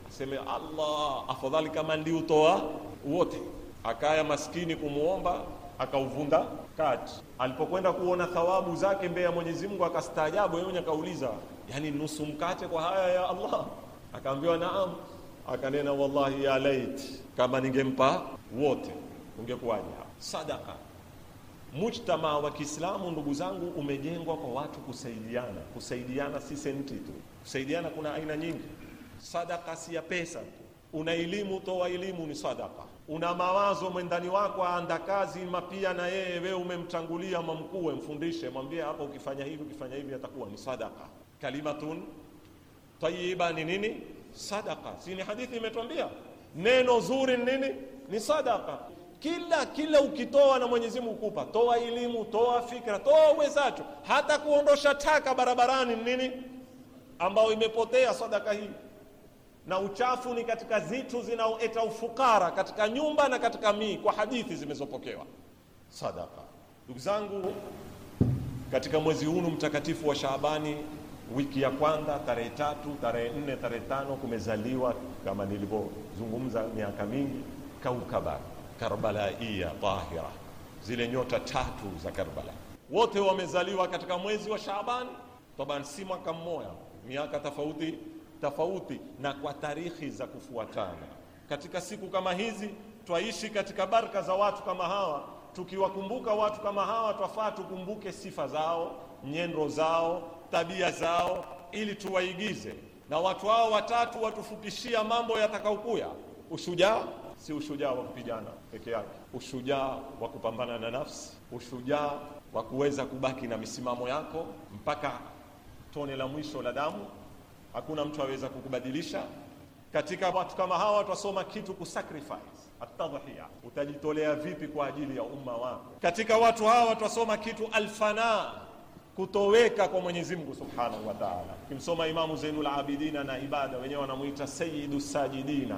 S3: aseme Allah, afadhali kama ndiutoa wote, akaya maskini kumuomba akauvunda kati. Alipokwenda kuona thawabu zake mbele ya Mwenyezi Mungu akastaajabu, yeye akauliza, yani nusu mkate kwa haya ya Allah? Akaambiwa naam. Akanena, wallahi ya lait, kama ningempa wote ungekuwaje? Sadaka. Mujtama wa Kiislamu ndugu zangu, umejengwa kwa watu kusaidiana. Kusaidiana si senti tu, kusaidiana kuna aina nyingi. Sadaka si ya pesa tu. Una elimu, toa elimu, ni sadaka una mawazo mwendani wako aanda kazi mapia, na yeye wewe umemtangulia mamkuu, mfundishe, mwambie hapa, ukifanya hivi ukifanya hivi atakuwa ni sadaka. Kalimatun tayyiba ni nini? Sadaka. Si ni hadithi imetwambia neno zuri ni nini? Ni sadaka. Kila kila ukitoa na Mwenyezi Mungu kupa, toa elimu, toa fikra, toa uwezacho, hata kuondosha taka barabarani nini, ambayo imepotea sadaka hii na uchafu ni katika zitu zinaoeta ufukara katika nyumba na katika mii, kwa hadithi zimezopokewa. Sadaka. Ndugu zangu, katika mwezi huu mtakatifu wa Shaabani, wiki ya kwanza, tarehe tatu, tarehe nne, tarehe tano, kumezaliwa kama nilivyozungumza miaka mingi, kaukaba karbalaiya tahira, zile nyota tatu za Karbala, wote wamezaliwa katika mwezi wa Shaabani. Taban si mwaka mmoja, miaka tofauti tofauti na kwa tarikhi za kufuatana. Katika siku kama hizi twaishi katika baraka za watu kama hawa, tukiwakumbuka watu kama hawa twafaa tukumbuke sifa zao, nyendo zao, tabia zao, ili tuwaigize na watu hao watatu watufupishia mambo yatakaokuya. Ushujaa si ushujaa wa kupigana peke yake, ushujaa wa kupambana na nafsi, ushujaa wa kuweza kubaki na misimamo yako mpaka tone la mwisho la damu hakuna mtu aweza kukubadilisha. Katika watu kama hawa watasoma kitu sacrifice atadhiya, utajitolea vipi kwa ajili ya umma wako. Katika watu hawa watasoma kitu alfana, kutoweka kwa Mwenyezi Mungu Subhanahu wa Ta'ala. Kimsoma Imamu Zainul Abidina na ibada wenyewe wanamuita Sayyidu Sajidina,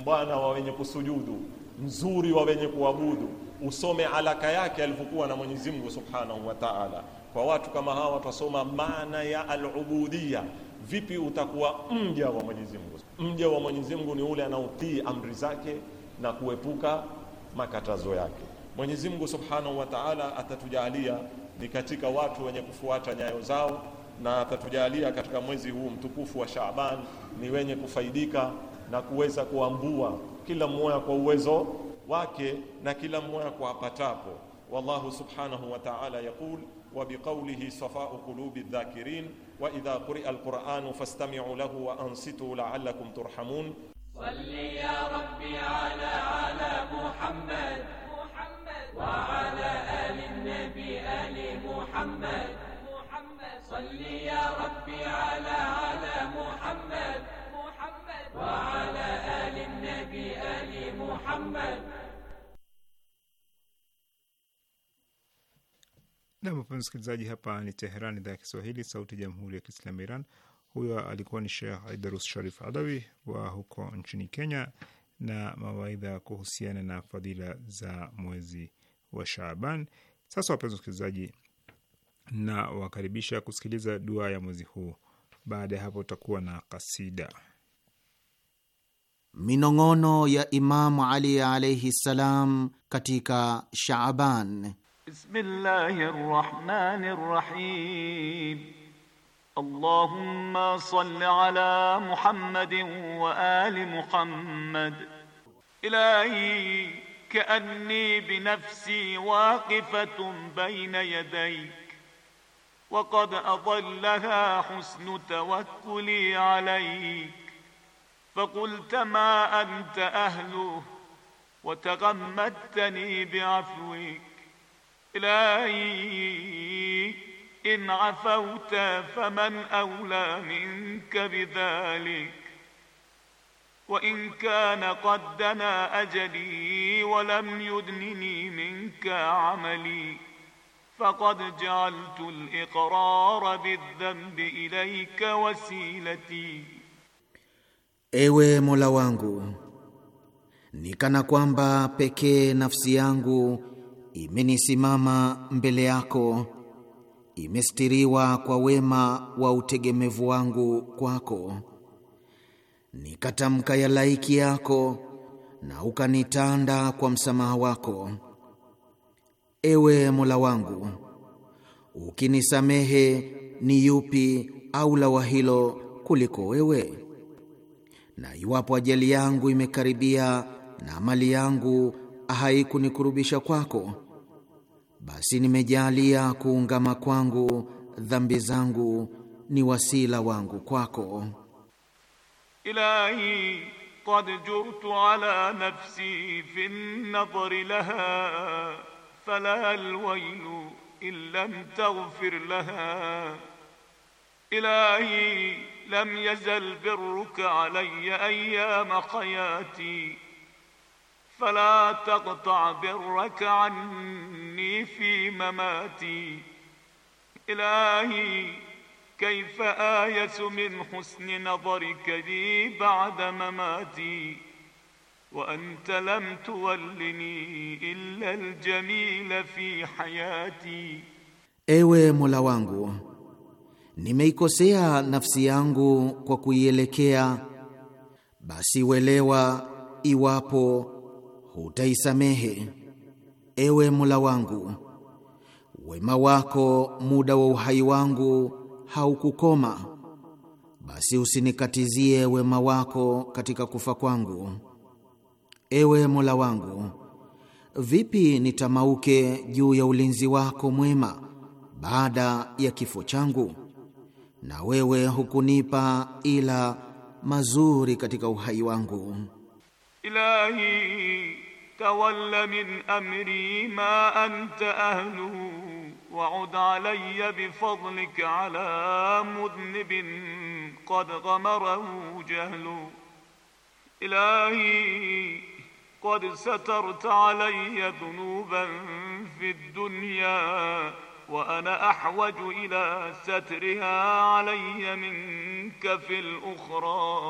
S3: mbwana wa wenye kusujudu, mzuri wa wenye kuabudu. Usome alaka yake alivyokuwa na Mwenyezi Mungu Subhanahu wa Ta'ala. Kwa watu kama hawa watasoma maana ya al-ubudiyya vipi utakuwa mja wa Mwenyezi Mungu? Mja wa Mwenyezi Mungu ni ule anaotii amri zake na kuepuka makatazo yake. Mwenyezi Mungu Subhanahu wa Ta'ala atatujalia ni katika watu wenye kufuata nyayo zao na atatujalia katika mwezi huu mtukufu wa Shaaban ni wenye kufaidika na kuweza kuambua kila mmoja kwa uwezo wake na kila mmoja kwa apatapo. Wallahu subhanahu wa ta'ala yaqul wa biqawlihi safa'u qulubi dhakirin وإذا قرئ القرآن فاستمعوا له وأنصتوا لعلكم ترحمون
S1: صل يا ربي على على
S2: محمد محمد وعلى آل النبي آل محمد محمد صل يا ربي Na mpenzi msikilizaji, hapa ni Teheran, idhaa ya Kiswahili, sauti ya jamhuri ya kiislamu Iran. Huyo alikuwa ni Sheikh Aidarus Sharif Adawi wa huko nchini Kenya na mawaidha kuhusiana na fadhila za mwezi wa Shaaban. Sasa wapenzi wasikilizaji, na wakaribisha kusikiliza dua ya mwezi huu. Baada ya hapo utakuwa na kasida
S4: minong'ono ya Imamu Ali alaihi salam katika Shaaban.
S5: بسم الله الرحمن الرحيم اللهم صل على محمد وآل محمد إلهي كأني بنفسي واقفة بين يديك وقد أضلها حسن توكلي عليك فقلت ما أنت أهله وتغمدتني بعفوك ilahi in afauta faman aula minka bidhalik wa in kana qaddana ajali wa lam yudnini minka amali faqad ja'altu al-iqrara bidhanbi ilayka wasilati,
S4: Ewe Mola wangu, nikana kwamba pekee nafsi yangu imenisimama mbele yako, imestiriwa kwa wema wa utegemevu wangu kwako. Nikatamka ya laiki yako na ukanitanda kwa msamaha wako. Ewe Mola wangu, ukinisamehe ni yupi au la wa hilo kuliko wewe? Na iwapo ajali yangu imekaribia na mali yangu haikunikurubisha kwako, basi nimejalia kuungama kwangu dhambi zangu ni wasila wangu kwako.
S5: Ilahi qad jurtu ala nafsi fi nadhri laha fala alwaylu illam taghfir laha ilahi lam yazal birruka alayya ayyama hayati fala taqta birraka anni fi mamati ilahi kaifa ayatu min husni nadharika li ba'da mamati wa anta lam tuwallini illa aljamila fi hayati,
S4: ewe Mola wangu, nimeikosea nafsi yangu kwa kuielekea, basi welewa iwapo hutaisamehe. Ewe Mola wangu, wema wako muda wa uhai wangu haukukoma, basi usinikatizie wema wako katika kufa kwangu. Ewe Mola wangu, vipi nitamauke juu ya ulinzi wako mwema baada ya kifo changu, na wewe hukunipa ila mazuri katika uhai wangu.
S5: إلهي تول من أمري ما أنت أهله وعد علي بفضلك على مذنب قد غمره جهل إلهي قد سترت علي ذنوبا في الدنيا وأنا أحوج إلى سترها علي منك في الأخرى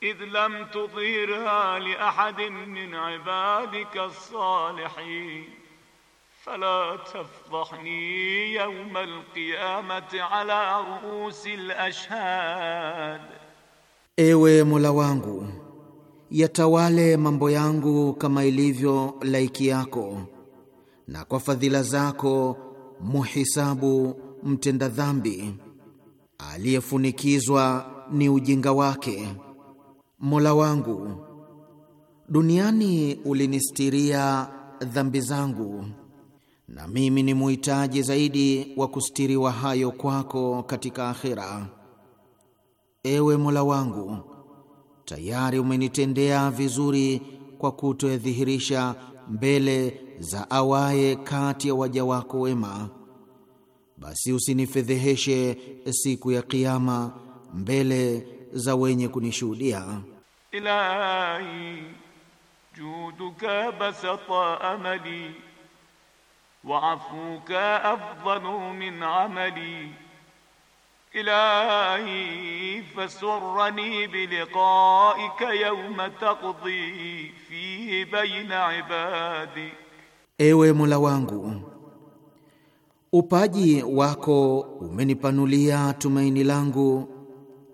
S5: idh lam tudhirha li ahadin min ibadika as-salihin fala tafdhahni yawm al-qiyamati ala ruusi al-ashhad,
S4: Ewe Mola wangu, yatawale mambo yangu kama ilivyo laiki yako, na kwa fadhila zako muhisabu mtenda dhambi aliyefunikizwa ni ujinga wake Mola wangu, duniani ulinistiria dhambi zangu, na mimi ni muhitaji zaidi wa kustiriwa hayo kwako katika akhira. Ewe Mola wangu, tayari umenitendea vizuri kwa kutoyadhihirisha mbele za awaye kati ya waja wako wema, basi usinifedheheshe siku ya Kiama mbele za wenye kunishuhudia.
S5: Ilahi juduka basata amali wa afuka afdalu min amali Ilahi fasurrani biliqaika yawma taqdi fihi baina ibadi,
S4: Ewe Mola wangu, upaji wako umenipanulia tumaini langu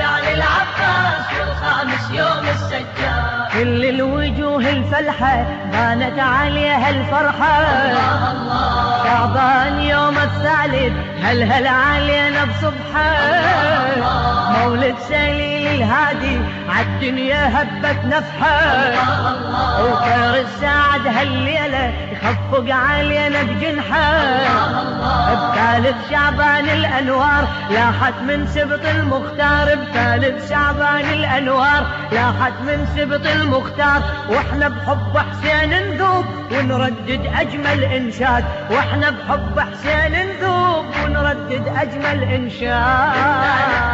S5: الرابع للعباس والخامس يوم السجاد كل الوجوه الفلحة بانت عليها الفرحة الله الله شعبان يوم الثالث هل هل علينا بصبحة مولد سليل الهادي عالدنيا هبت نفحة وخير السعد هالليلة يخفق علينا بجنحة بثالث شعبان الأنوار لاحت من سبط المختار بثالث شعبان الأنوار لاحت من سبط المختار واحنا بحب حسين نذوب ونردد أجمل إنشاد واحنا بحب حسين نذوب ونردد أجمل إنشاد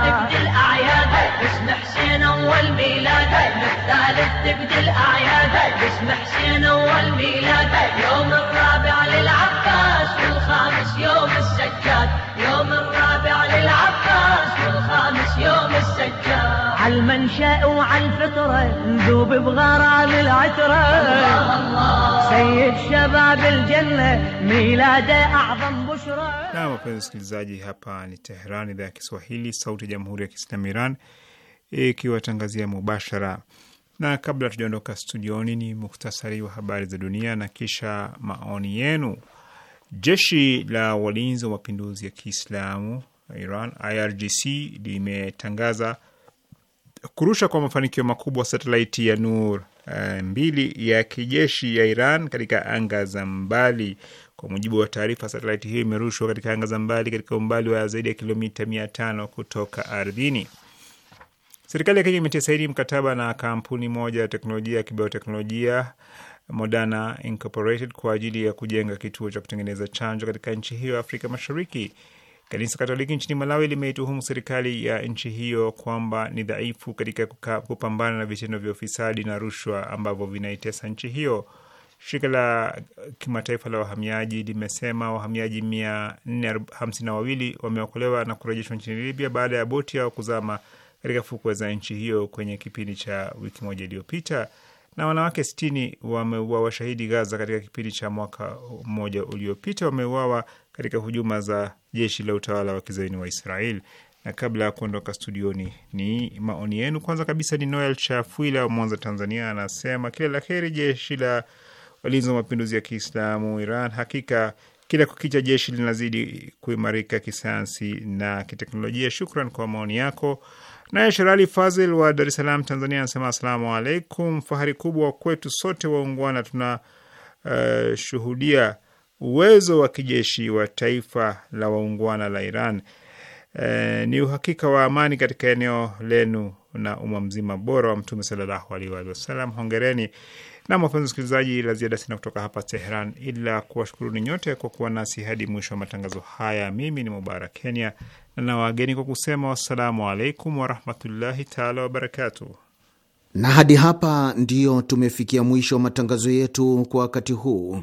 S5: تبدي الأعياد باسم حسين أول ميلاد الثالث تبدي الأعياد باسم حسين أول ميلاد يوم الرابع للعباس والخامس يوم السجاد يوم الرابع عالمنشأ وعالفطرة نذوب بغرام العترة سيد شباب الجنة ميلاده أعظم
S2: بشرة نعم wapenzi wasikilizaji, hapa ni Teheran, idhaa ya Kiswahili, sauti ya jamhuri ya kiislamu Iran ikiwatangazia mubashara. Na kabla tujaondoka studioni, ni muktasari wa habari za dunia na kisha maoni yenu. Jeshi la walinzi wa mapinduzi ya Kiislamu Iran IRGC limetangaza kurusha kwa mafanikio makubwa satelaiti ya Nur uh, eh, mbili ya kijeshi ya Iran katika anga za mbali. Kwa mujibu wa taarifa, satelaiti hiyo imerushwa katika anga za mbali katika umbali wa zaidi ya kilomita mia tano kutoka ardhini. Serikali ya Kenya imetia saini mkataba na kampuni moja ya teknolojia ya kibioteknolojia Moderna Incorporated kwa ajili ya kujenga kituo cha kutengeneza chanjo katika nchi hiyo ya Afrika Mashariki. Kanisa Katoliki nchini Malawi limeituhumu serikali ya nchi hiyo kwamba ni dhaifu katika kupambana na vitendo vya ufisadi na rushwa ambavyo vinaitesa nchi hiyo. Shirika la kimataifa la wahamiaji limesema wahamiaji mia nne hamsini na wawili wameokolewa na kurejeshwa nchini Libya baada ya boti yao kuzama katika fukwe za nchi hiyo kwenye kipindi cha wiki moja iliyopita, na wanawake sitini wameuawa washahidi Gaza katika kipindi cha mwaka mmoja uliopita. Wameuawa katika hujuma za jeshi la utawala wa kizaini wa Israel. Na kabla ya kuondoka studioni ni, maoni yenu. Kwanza kabisa ni Noel Chafuila wa Mwanza, Tanzania, anasema kila la heri jeshi la walinzi wa mapinduzi ya Kiislamu Iran. Hakika kila kukicha jeshi linazidi kuimarika kisayansi na kiteknolojia. Shukran kwa maoni yako. Naye Sherali Fazil wa Dar es Salaam, Tanzania, anasema asalamu alaikum, fahari kubwa kwetu sote waungwana, tunashuhudia eh, uh, uwezo wa kijeshi wa taifa la waungwana la Iran e, ni uhakika wa amani katika eneo lenu na umma mzima bora wa Mtume sallallahu alaihi wasallam. Hongereni na wapenzi wasikilizaji, la ziada sina kutoka hapa Tehran ila kuwashukuruni nyote kwa kuwa nasi hadi mwisho wa matangazo haya. Mimi ni Mubarak Kenya na nawageni kwa kusema wassalamu alaikum warahmatullahi taala wabarakatu
S4: Na hadi hapa ndiyo tumefikia mwisho wa matangazo yetu kwa wakati huu.